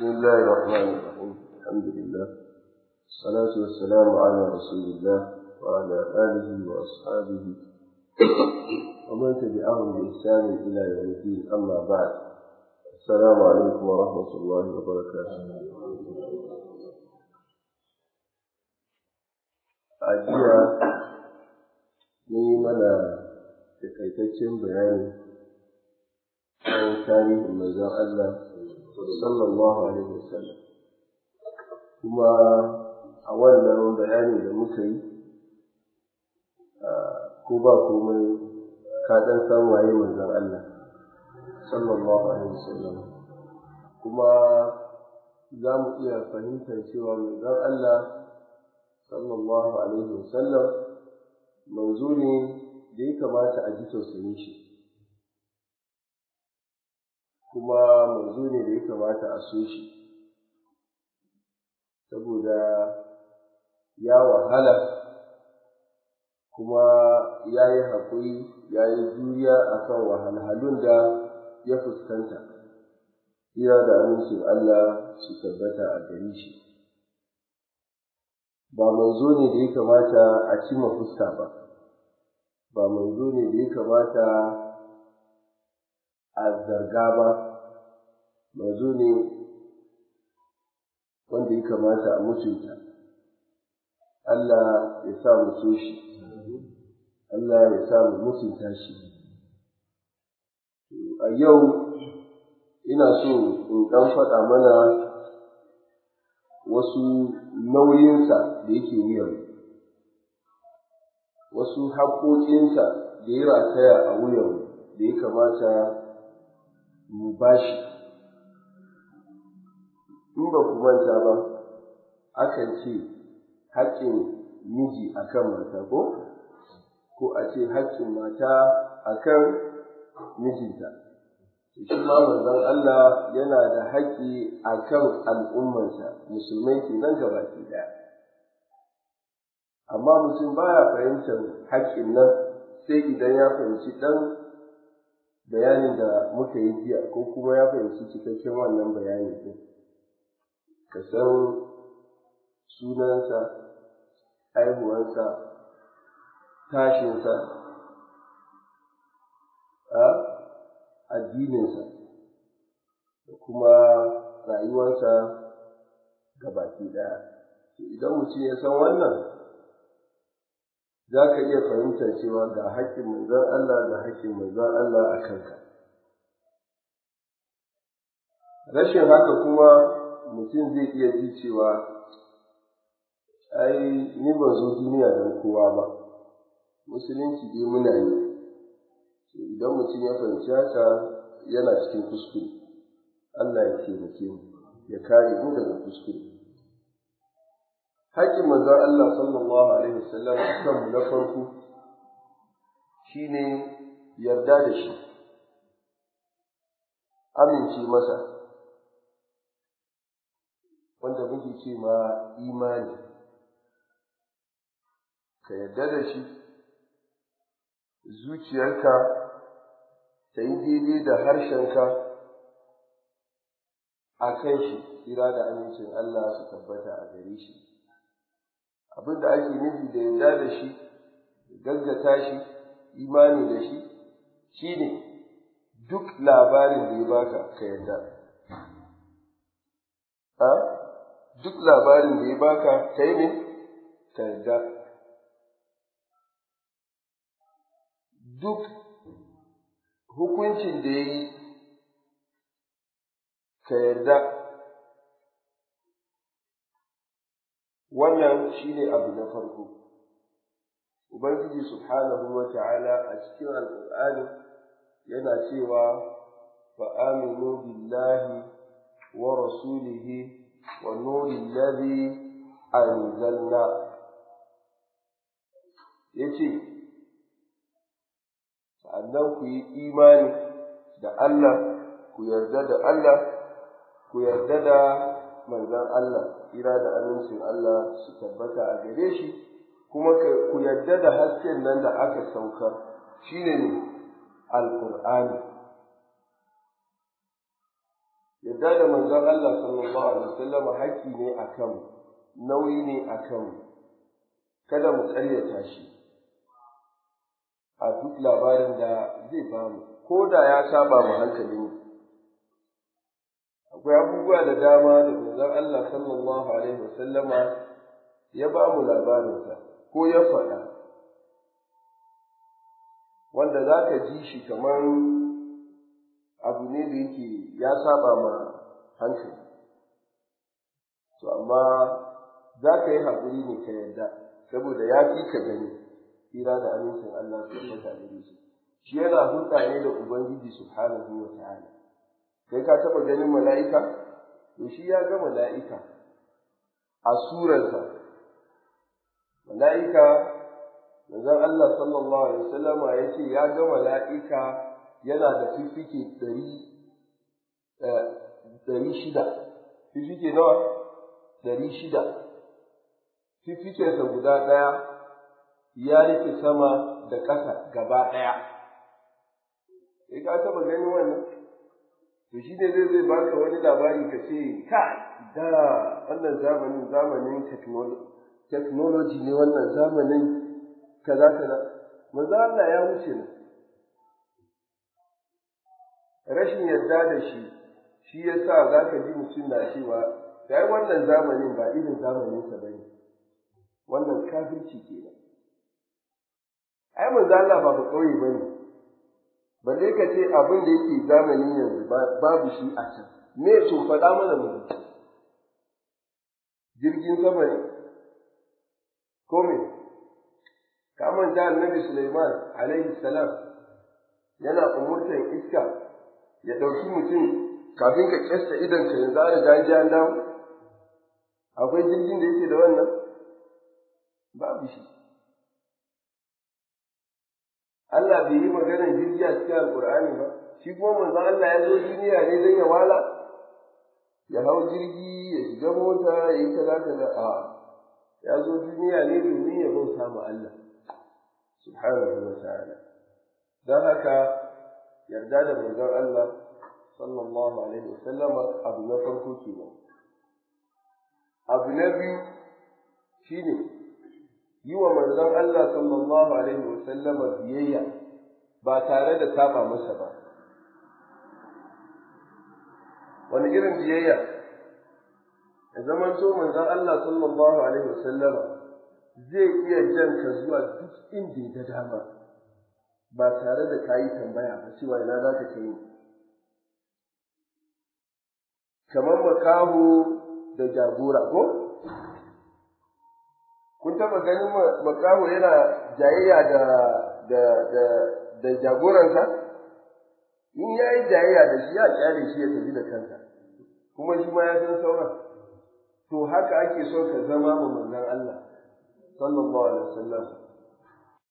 بسم الله الرحمن الرحيم الحمد لله الصلاة والسلام على رسول الله وعلى آله وأصحابه ومن تبعهم بإحسان إلى يوم الدين أما بعد السلام عليكم ورحمة الله وبركاته أجيا نيمنا تكيتشن بيان عن تاريخ المزار الله sallallahu alaihi wasallam kuma a wannan bayani da muka yi ko ba komai ka dan san waye manzon Allah sallallahu alaihi wasallam kuma za mu iya fahimtar cewa manzon Allah sallallahu alaihi wasallam manzo ne da ya kamata a ji tausayin shi kuma manzo ne da ya kamata a so shi saboda ya wahala kuma ya yi haƙuri ya yi juriya a kan wahalhalun da ya fuskanta iya da amincin Allah su tabbata a gare shi ba manzo ne da ya kamata a cima fuska ba ba manzo ne da ya kamata a zarga ba manzo ne wanda ya kamata a mutunta Allah ya sa mu so shi Allah ya sa mu mutunta shi a yau ina so in ɗan faɗa mana wasu nauyinsa da yake wuyan wasu haƙoƙinsa da ya rataya a wuyan da ya kamata mu bashi in ba ku manta ba akan ce haƙƙin miji akan mata ko ko a ce haƙƙin mata akan mijinta shi ma manzon Allah yana da haƙƙi akan al'ummarsa musulmai nan gabaki ɗaya amma mutum baya fahimtar haƙƙin nan sai idan ya fahimci ɗan bayanin da muka yi jiya ko kuma ya fahimci cikakken wannan bayani ɗin ka san sunansa haihuwarsa tashinsa a addininsa da kuma rayuwarsa gabaki ɗaya idan mutum ya san wannan za ka iya fahimta cewa ga haƙƙin manzan Allah da haƙƙin manzan Allah a kanka. Rashin haka kuma mutum zai iya ji cewa ai ni ban zo duniya don kowa ba, musulunci dai muna yi. Idan mutum ya fahimci haka yana cikin kuskure, Allah ya ke mu, ya kare mu daga kuskure. haƙƙin manzon Allah sallallahu alaihi wasallam kan na farko shine yarda da shi amince masa wanda muke ce ma imani ka yarda da shi zuciyarka ta yi daidai da harshenka a kan shi tsira da amincin Allah su tabbata a gare shi abin da ake nufi da yarda da shi gaggata shi imani da shi shine duk labarin da ya baka ka yarda a duk labarin da ya baka ka yi ne ka yarda duk hukuncin da ya yi ka yarda wannan shine abu na farko ubangiji subhanahu wa ta'ala a cikin alqur'ani yana cewa fa aminu billahi wa rasulihi wa nuri alladhi anzalna yace sannan ku yi imani da Allah ku yarda da Allah ku yarda da manzan Allah kira da amincin Allah su tabbata a gare shi kuma ku yarda da hasken nan da aka saukar shi ne ne Alƙur'ani. yadda da manzan Allah sallallahu alaihi wasallam haƙƙi ne a kan nauyi ne a kan kada mu ƙaryata shi a duk labarin da zai bamu ko da ya saba mu hankalin akwai abubuwa da dama da manzon Allah sallallahu alaihi wasallama ya ba mu labarinsa ko ya faɗa wanda za ka ji shi kamar abu ne da yake ya saba ma hankali to amma za ka yi haƙuri ne ka yarda saboda ya fi ka gani tsira da amincin Allah su kwanta da shi yana hulɗa ne da Ubangiji subhanahu wa ta'ala kai ka taɓa ganin mala'ika to shi ya ga mala'ika a surarsa mala'ika manzon Allah sallallahu alaihi wasallama ya ce ya ga mala'ika yana da fifike ɗari eh, shida fifike nawa ɗari shida fifikensa guda ɗaya ya rufe sama da ƙasa gaba ɗaya. E ka taɓa ganin wannan? to shi ne zai zai baka wani labari ka ce ka da wannan zamanin zamanin technology ne wannan zamanin kaza kaza manzo Allah ya wuce ne rashin yarda da shi shi ya za ka ji mutum na cewa dai wannan zamanin ba irin zamanin sa bane wannan kafirci ba. ai manzo Allah ba ba kauye bane balle ka ce abin da yake zamani yanzu babu shi a can me to faɗa mana mu jirgin sama ne ko me ka da annabi Sulaiman alaihi salam yana umurtan iska ya ɗauki mutum kafin ka kesta idan ka yanzu an riga ji an dawo akwai jirgin da yake da wannan babu shi Allah bai yi maganar jirgi a cikin alkur'ani ba shi kuma manzon Allah ya zo duniya ne don ya wala ya hau jirgi ya shiga mota ya yi ta kaza kaza a ya zo duniya ne domin ya bauta ma Allah subhanahu wa ta'ala don haka yarda da manzon Allah sallallahu alaihi wa wasallam abu na farko kenan abu na biyu shine yi wa manzon Allah sallallahu alaihi wa sallama biyayya ba tare da saba masa ba wani irin biyayya ya zaman to manzon Allah sallallahu alaihi wa sallama zai iya jan ka zuwa duk inda ya dama ba tare da kayi tambaya ba cewa ina za ka ce kamar makaho da jagora ko kun taba ganin makaho yana jayayya da da da da jagoransa in ya yi jayayya da shi ya kyale shi ya tafi da kanta, kuma shi ma ya san sauran to haka ake so ka zama ma manzon Allah sallallahu alaihi wasallam